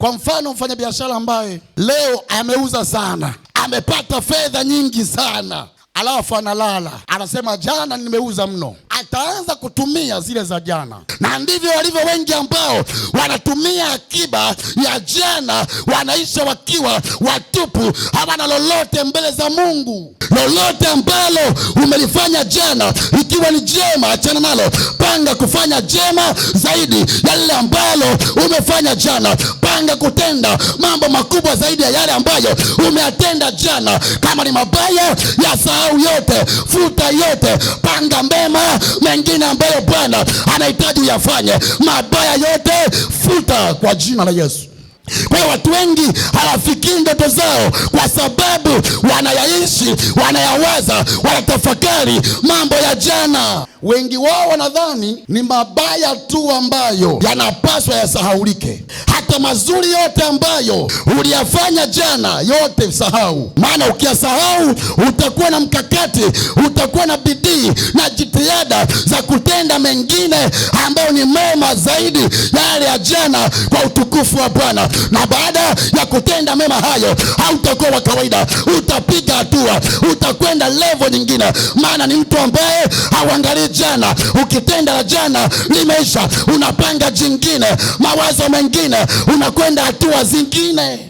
Kwa mfano, mfanyabiashara ambaye leo ameuza sana, amepata fedha nyingi sana, alafu analala, anasema jana nimeuza mno, ataanza kutumia zile za jana, na ndivyo walivyo wengi ambao wanatumia akiba ya jana, wanaisha wakiwa watupu, hawana lolote mbele za Mungu. Lolote ambalo umelifanya jana, ikiwa ni jema, achana nalo, panga kufanya jema zaidi ya lile ambalo umefanya jana upange kutenda mambo makubwa zaidi ya yale ambayo umeatenda jana. Kama ni mabaya, ya sahau yote, futa yote, panga mema mengine ambayo Bwana anahitaji uyafanye. Mabaya yote futa kwa jina la Yesu. Kwa hiyo watu wengi hawafikii ndoto zao kwa sababu wanayaishi, wanayawaza, wanatafakari mambo ya jana. Wengi wao wanadhani ni mabaya tu ambayo yanapaswa yasahaulike hata mazuri yote ambayo uliyafanya jana, yote sahau. Maana ukiyasahau utakuwa na mkakati, utakuwa na bidii na jitihada za kutenda mengine ambayo ni mema zaidi yale ya jana, kwa utukufu wa Bwana. Na baada ya kutenda mema hayo, hautakuwa wa kawaida, utapiga hatua, utakwenda levo nyingine. Maana ni mtu ambaye hauangalii jana. Ukitenda la jana limeisha, unapanga jingine, mawazo mengine unakwenda hatua zingine.